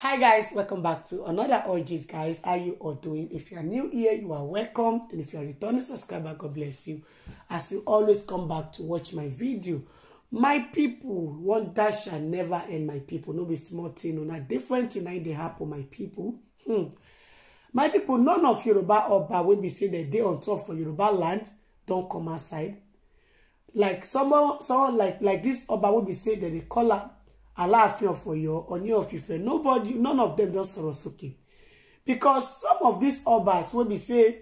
hi guys welcome back to another OGS. guys how you all doing if you are new here you are welcome and if you are returning subscriber god bless you as you always come back to watch my video my people one that shall never end my people no be small thing una different thing they dey happen my people hmm. my people none of yoruba oba will be say dem dey on top for yoruba land don come outside like someone someone like like this oba will be saying that dey call am Aláàfin of Ọ̀yọ́, Ọ̀ọ̀ni of Ifẹ̀, nobody, none of them just sọ̀rọ̀ sókè. Because some of these obas wey be say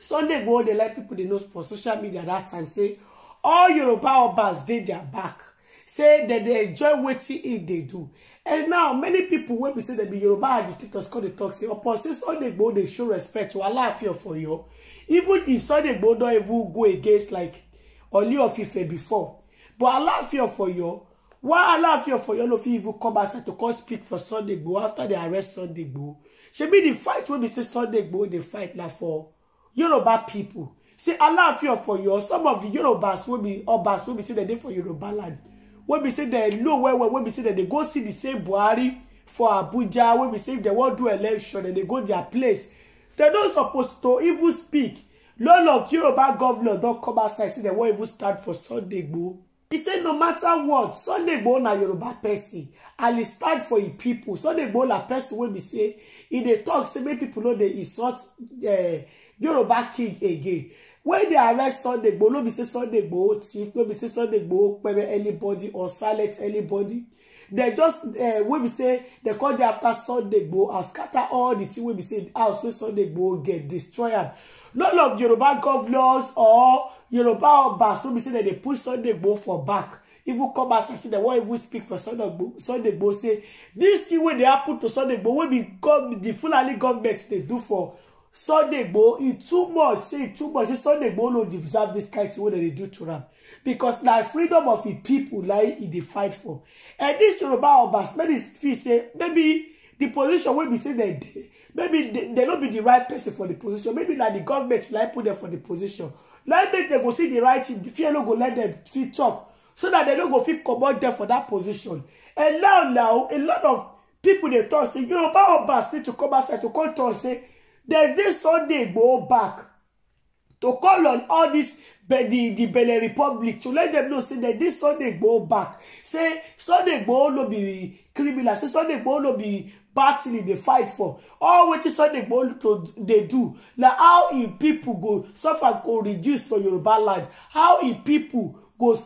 Sunday Igboho dey like people dey know for social media that time say all Yoruba obas dey their back. Say that they enjoy wetin e dey do. And now many people wey be say they be Yoruba agitators come dey talk say upon say Sunday Igboho dey show respect to Aláàfin of Ọ̀yọ́. Even if Sunday Igboho don even go against like Ọ̀ọ̀ni of Ifẹ̀ before. But Aláàfin of Ọ̀yọ́ why Aláàfin of Ọ̀yọ́ no fit even come outside to come speak for Sunday Igboho after they arrest Sunday She be the fight when we say Sunday Igboho dey fight na for Yoruba people See say Aláàfin for you. some of the Yorubas will be or Obas will be say they dey for Yoruba land wey be say they know where where when we say dem they go see the same Buhari for Abuja When we say if dem wan do election and they go their place dem no supposed to even speak None of Yoruba governors don't come outside say they won't even start for Sunday Igboho He said, no matter what, Sunday Igboho na Yoruba person. I'll he stand for his people. Sunday Igboho na person wey be say, he dey talk, so many people know they insult uh, Yoruba king again. When they arrest Sunday Igboho, no be say Sunday Igboho thief, no be say Sunday Igboho pere anybody or silent anybody. They just eh, wey be say they call dey after sunday go and scatter all the thing wey be say house wey sunday go get destroyed. none of yoruba governors or yoruba obas will be say that they push sunday go for back even come as I say dem wan even speak for sunday go say this thing when they happen to sunday go wey be di fulani government they do for sunday go e too much say e too much say sunday go no deserve dis kind thing that they do to am because na freedom of the people, like e dey fight for and dis yoruba obas many feel say maybe the position wey be say dem dey maybe dem no be the right person for the position maybe na the government like put dem for the position like make dem go see the right thing fear no go let dem fit talk so that dem no go fit comot dem for that position and now now a lot of pipo dey talk say yoruba obas need to come outside to come talk say dem dey sunday go back to call on all dis the the Benin republic to let them know say that this sunday go back say sunday go no be criminal say sunday go no be battle e dey fight for all wetin sunday to dey do na how e people go suffer go reduce for yoruba land how e people go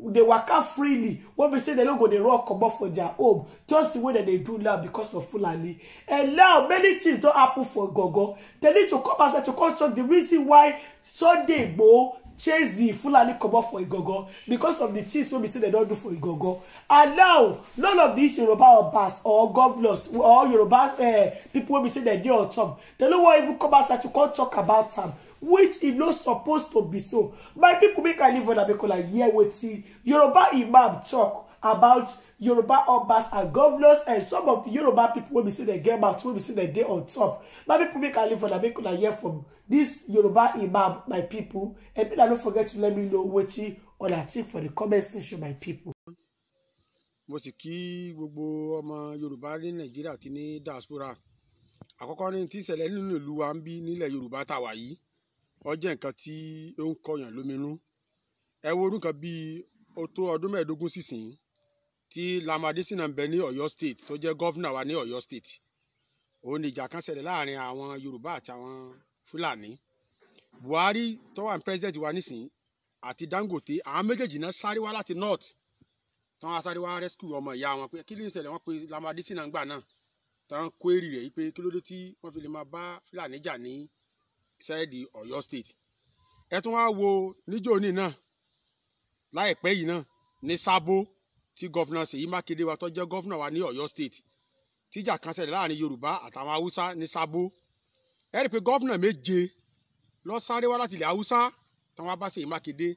dey waka freely wey we say they don't go dey run comot for their home just the way that they do now because of fulani and now many things don't happen for gogo They need to come outside to come the reason why sunday bo chase the fulani comot for Gogo because of the things wey be say they don't do for Gogo. and now none of these yoruba obas or governors or yoruba uh, people wey be say dem dey on top dem no wan even come outside to come talk about am which is not supposed to be so my pipo make i leave on I hear wetin yoruba imam talk about yoruba obas and governors and some of the yoruba people will be seen dem get mouth wey be seen dem dey on top my pipo make i leave on I hear from this yoruba imam my people. and make i forget to let me know what wetin una think for the comment section my people. mo sì kí gbogbo ọmọ yorùbá ní nàìjíríà àti ní diaspora àkọ́kọ́ ní tí ìṣẹ̀lẹ̀ nínú ìlú wa ń bí nílẹ̀ yorùbá tá yìí ó jẹ́ nǹkan tí ó ń kọyàn lóminú ẹ wo orúkọ bíi ó tó ọdún mẹ́ẹ̀ẹ́dógún sísìn tí Lam Adésínà ń bẹ ní Ọ̀yọ́ state tó jẹ́ gọ́vnà wa ní Ọ̀yọ́ state òun ni ìjà kan ṣẹlẹ̀ láàrin àwọn Yorùbá àti àwọn Fúlàní Buhari tó wà ní president wa nísìn àti Dangote àwọn méjèèjì náà sáré wá láti north tán wá sáré wá rescue ọmọ ìyá wọn pé kí ló ń ṣẹlẹ̀ wọ́n pe Lam Adésínà ń gbà náà tán kó èrì rẹ̀ yìí pé kí ló dé tí wọ́n fi lè máa bá Fúlàní jà ní ṣáìdì Ọ̀yọ́ state ẹ tún wá wo níjòní náà láìpẹ́ yìí náà ní sábó tí gọ́fìnà Ṣèyí Mákindé wa tó jẹ́ gọ́fìnà wa ní Ọ̀yọ́ state tíjà kan ṣẹlẹ̀ láàrin Yorùbá àtàwọn Haúsá ní sábó ẹ rí i pé gọ́fìnà méje lọ sáré wá láti ilẹ̀ Haúsá táwọn bá Ṣèyí Mákindé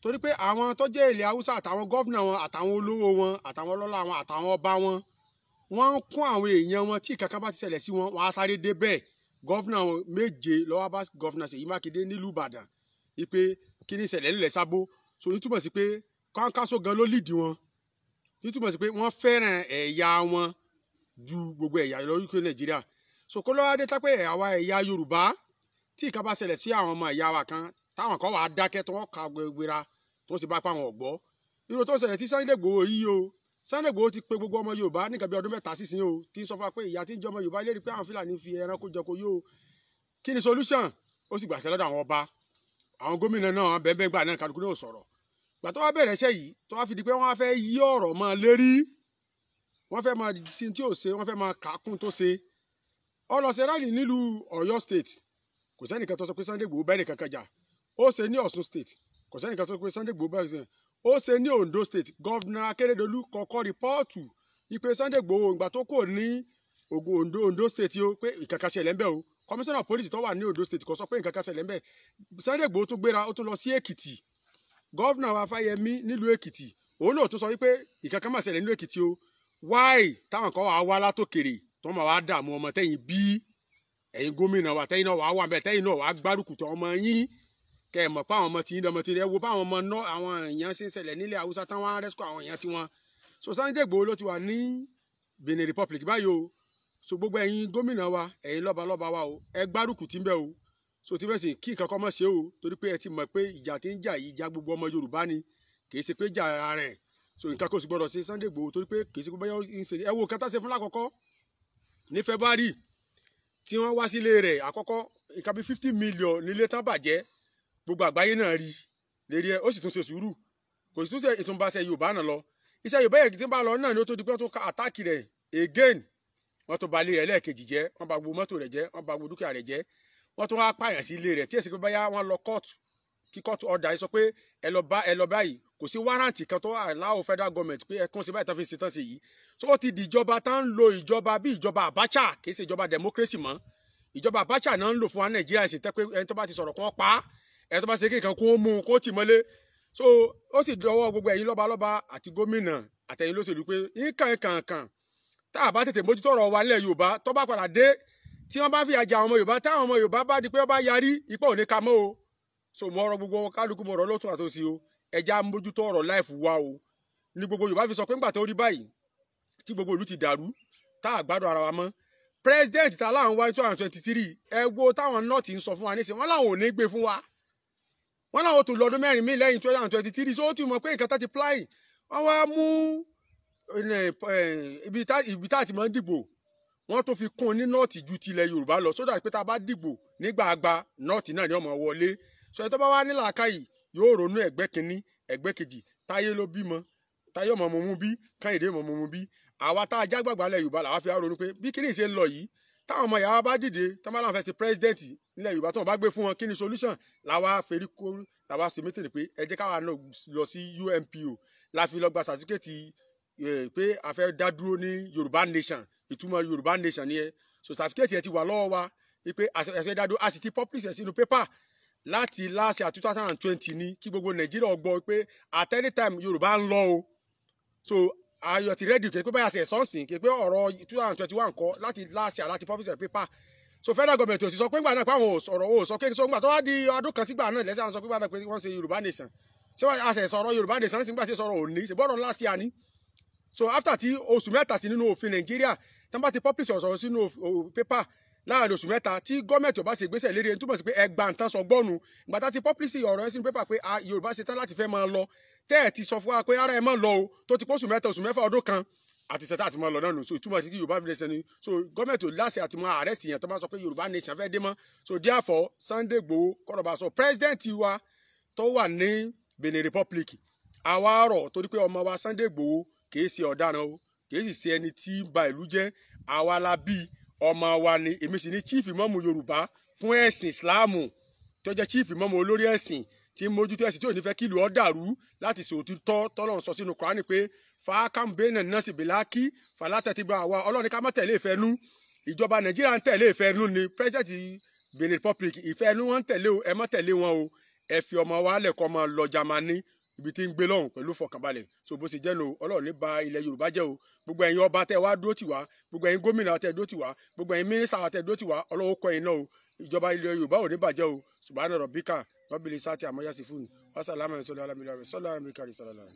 torí pé àwọn tó jẹ́ ilẹ̀ Haúsá àtàwọn gọ́fìnà wọn àtàwọn olówó wọn àtàwọn ọlọ́lá wọn àtàwọn ọba wọn wọ́n ń kún àwọn èèyàn wọn tí ìkankan bá ti ṣẹlẹ̀ sí wọn wọ́n á sáré dé bẹ́ẹ̀ gọ́fìnà wọn méje lọ́wọ́ bá gọ́fìnà Ṣèyí Mákindé nílùú Ìbàdàn wípé kí ni ìṣẹ̀lẹ̀ ńlẹ̀ sábó so yìí túmọ̀ sí pé kọ́ńkáṣó gan ló lìdí wọn yìí túmọ̀ sí pé wọ́n fẹ́ràn ẹ̀yà wọn ju gbogbo ẹ̀yà lọ wípé Nàìjíríà so kó lọ́wọ́ adé tápẹ́ àwa ẹ̀yà Yorùbá tí ìka bá ṣẹlẹ̀ sí àwọn ọmọ ẹ̀yà wa kan táwọn kan wàá dákẹ́ tí wọ́n ka gbéra tí wọ́n sì bá pa àwọn ọ̀gbọ́ irú tó ń ṣẹlẹ̀ tí Sunday yìí o Sunday Igboho ti pe gbogbo ọmọ Yorùbá nígbà bí ọdún mẹ́ta sísìn o ti sọ fún wa pé ìyá tí ń jẹ ọmọ Yorùbá lérí pé àwọn Fúlàní fi ẹranko jẹko yóò kí ni solution ó sì gbàṣẹ lọ́dọ̀ àwọn ọba àwọn gómìnà náà bẹ́ẹ̀ gbà náà kálukú náà sọ̀rọ̀ gbà tó wá bẹ̀rẹ̀ iṣẹ́ yìí tó wá fi di pé wọ́n fẹ́ yí ọ̀rọ̀ mọ́ lérí wọ́n fẹ́ máa sí tí ò ṣe wọ́n fẹ́ máa kàákún tó ṣe ó lọ ṣe rally nílùú Ọ̀yọ́ state kò sẹ́nìkan tó sọ pé Sunday Igboho bẹ́ẹ̀ nìkan kan jà ó ṣe ní Ọ̀ṣun state kò sẹ́nìkan tó sọ pé Sunday Igboho bẹ́ẹ̀ ó ṣe ní Ondo state gọ́vnà Akérèdọ́lù kọ́kọ́ rìpọ́ọ̀tù ìpè Sunday Igboho ìgbà tó kò ní ogun Ondo Ondo state yìí ó pé ìkàkà ṣẹlẹ̀ o komisanna polisi tó wà ní Ondo state kò sọ pé ìkàkà ṣẹlẹ̀ ńbẹ̀ Sunday Igboho tún gbéra ó tún lọ sí Èkìtì gọ́vnà afayemi nílùú Èkìtì òun náà tún sọ wípé ìkàkà máa ṣẹlẹ̀ nílùú Èkìtì o wáì táwọn kan wà wá látòkèrè tó máa wá dààmú ọmọ tẹ́yìn ẹ̀yin wà bẹ́ẹ̀ náà wàá gbárùkù kẹ ẹ mọ̀ pé àwọn ọmọ tí ń dọmọ tí ń dẹ wo báwọn ọmọ náà àwọn èèyàn ṣe ń ṣẹlẹ̀ nílẹ̀ haúsá táwọn arẹ́sìkò àwọn èèyàn tiwọn so Sunday Igboho ló ti wà ní Benin Republic báyìí o so gbogbo ẹ̀yin gómìnà wa ẹ̀yin lọ́ba lọ́ba wa o ẹ gbárùkù tí ń bẹ o so ti bẹ́sìn kí nǹkan kan mọ̀ ṣe o torí pé ẹ ti mọ̀ pé ìjà tí ń jà yìí ìjà gbogbo ọmọ Yorùbá ni kì í ṣe pé jà ara rẹ̀ so nǹkan kò sì gbọdọ̀ ṣe Sunday Igboho torí pé kì í ṣe pé ẹ gbogbo àgbáyé náà rí lérí ẹ ó sì tún ṣe sùúrù kò sì tún ṣe ìtúnbaṣẹ yorùbá náà lọ iṣẹ́ yorùbá yẹn tí ń bá lọ náà ni ó tó di pé wọ́n tún ká àtáàkì rẹ̀ again wọ́n tún ba ilé rẹ̀ lẹ́ẹ̀kejì jẹ́ wọ́n ba gbogbo mọ́tò rẹ̀ jẹ́ wọ́n ba gbogbo dúkìá rẹ̀ jẹ́ wọ́n tún wá pààyàn sí ilé rẹ̀ tí èsì pé báyà wọ́n lọ kóòtù kí kóòtù ọ̀dà yìí sọ pé ẹ lọ bá ẹ lọ báyìí kò sí wárántì kan tó wà láwọ federal government pé ẹkún sí báyìí tán fi ṣe tán ṣe yìí so ó ti di ìjọba tá ń lo ìjọba bí ìjọba Abacha kì í ṣe ìjọba democracy mọ́ ìjọba Abacha náà ń lò fún wa Nàìjíríà ṣe ẹni tó bá ti sọ̀rọ̀ kan pa á ẹ̀ tó bá ṣe kí nǹkan mú kó tì mọ́lé so ó sì dọwọ́ gbogbo ẹ̀yin lọ́balọ́ba àti gómìnà àtẹ̀yin lóṣèlú pé nǹkan kankan tá a bá tètè mójútó ọ̀rọ̀ wa nílẹ̀ Yorùbá tó bá padà dé tí wọ́n bá fi àjà àwọn ọmọ Yorùbá táwọn ọmọ Yorùbá bá di pé wọ́n bá yarí ipò òní ka o so mo ọ̀rọ̀ gbogbo kálukú mo ọ̀rọ̀ lọ́tún àtòsí o ẹja mójútó ọ̀rọ̀ láìfù wa o ni gbogbo Yorùbá fi sọ pé ńgbà tó rí báyìí tí gbogbo ìlú ti dàrú tá a gbádùn ara wa mọ́ president tá a láwọn wáyé two hundred and twenty three ẹ táwọn nọ́ọ̀tì ń sọ fún wa nísìnyí wọ́n láwọn ò ní gbé fún wa wọ́n láwọn tó lọ́dún mẹ́rin míì lẹ́yìn twenty and twenty three so ó ti mọ̀ pé nǹkan tá ti pláì wọ́n wá mú eh, ibi tá àti máa ń dìbò wọ́n tó fi kún ní nọ́ọ̀tì ju tilẹ̀ Yorùbá lọ sódà pé tá a bá dìbò nígbàgbà nọ́ọ̀tì náà ni ọmọ wọlé so ẹ tó bá wá ní làákàyè yóò ronú ẹ̀gbẹ́ kínní ẹ̀gbẹ́ kejì táyé ló bímọ táyé ọmọ mọ̀mú bí káyìndé mọ̀mú bí àwa tá a jágbàgbà lẹ̀ Yorùbá làwa fi á ronú pé bí kíní ìṣe ń lọ yìí táwọn ọmọ yàrá bá dìde tó bá láwọn fẹ́ ṣe president nílẹ̀ yorùbá tó wọn bá gbé fún wọn kí ni solution làwa fèrí kó làwa ṣe mítìnì pé ẹ jẹ́ káwa náà lọ sí UNPO la fi lọ gba sàtífíkẹ́tì eh, pé a fẹ́ dá dúró ní yorùbá nation ìtumọ̀ yorùbá nation ni ẹ so sàtífíkẹ́tì yẹn ti wà lọ́wọ́ wa pé a fẹ́ dá dúró a sì ti publish ẹ̀ sínú pépà láti láṣẹ two thousand twenty ni kí gbogbo nàìjíríà gbọ́ pé at any time yorùbá ń lọ o so ayọ̀ ti rẹ́dì képe báyà ṣe sọ́ọ̀sìn képe ọ̀rọ̀ two thousand twenty one kọ́ láti láṣẹ àláti publish paper so federal government ò sì sọ pé ńgbà náà pé àwọn ọ̀rọ̀ ò sọ pé so ńgbà tó wá di ọdún kan sígbà náà lẹ́sẹ̀ àwọn sọ pé ńgbà náà pé wọ́n ṣe Yorùbá nation ṣé wọ́n àṣẹ sọ̀rọ̀ Yorùbá nation sì ń gbà sọ̀rọ̀ òní ṣe bọ́ọ̀rọ̀ ńlá àní so after ti oṣù mẹ́ta sí nínú òfin Nàìjíríà tí wọ́n bá ti publish ọ̀sọ̀rọ̀ sínú paper láàrin oṣù mẹ́ta tí gọ́ọ̀mẹ̀tì ọba ṣe gbèsè lérí ẹni túbọ̀ sí pé ẹgbà ń tán sọgbọ́nu ìgbà tá ti pọ́pílìsì ọ̀rọ̀ ẹ sínú pépà pé yorùbá ṣe tán láti fẹ́ máa lọ tẹ́ ẹ̀ ti sọ fún wa pé ara ẹ máa lọ o tó ti pọ́sù mẹ́ta oṣù mẹ́fà ọdún kan àti ṣẹta àti máa lọ náà nù so ìtumọ̀ ti kí yorùbá fi lè so gọ́ọ̀mẹ̀tì ò láṣẹ àti máa àrẹ́sì yẹn tó máa sọ pé yorùbá nation fẹ́ dé mọ́ so therefore Sunday Igboho kọ́rọ̀bà sọ president wa tó wà ní Benin Republic àwa rọ̀ torí pé ọmọ wa Sunday Igboho kì í ṣe ọ̀daràn o kì í sì ṣe ẹni tí ń ba ìlú jẹ́ àwa la bíi ọmọ wa ni èmi sì ni chief imọ́mù yorùbá fún ẹ̀sìn ìsìláàmù tó jẹ́ chief imọ́mù olórí ẹ̀sìn tí ń mójútó ẹ̀sìn tí ò ní fẹ́ kí ìlú ọ́ dàrú láti sòtítọ́ tọ́lọ́run sọ sínú kọ́ránì pé fàákàmbéènà náà sì bìlá kí fàlátẹ̀tìgbà àwa ọlọ́run ká má tẹ̀lé ìfẹ́nú ìjọba nàìjíríà ń tẹ̀lé ìfẹ́nú ni president benin republic ìfẹ́nú wọn ń tẹ̀lé o ẹ má tẹ̀lé wọn o ẹ fi ọmọ wa lẹ̀kọ́ máa lọ jamani ibi tí ń gbé lọ́hùn pẹ̀lú fọkànbalẹ̀ so bó ṣe jẹ́nu ọlọ́run ní ba ilẹ̀ yorùbá jẹ́ o gbogbo ẹ̀yin ọba tẹ́ wá dúró tì wá gbogbo ẹ̀yin gómìnà tẹ́ dúró tì wá gbogbo ẹ̀yin mínísà tẹ́ dúró tì wá ọlọ́run kọ́ ẹ̀yin náà o ìjọba ilẹ̀ yorùbá ò ní bàjẹ́ o subahana rabbika rabbil sati amayasi fún mi wasalaamu alayhi wa sallam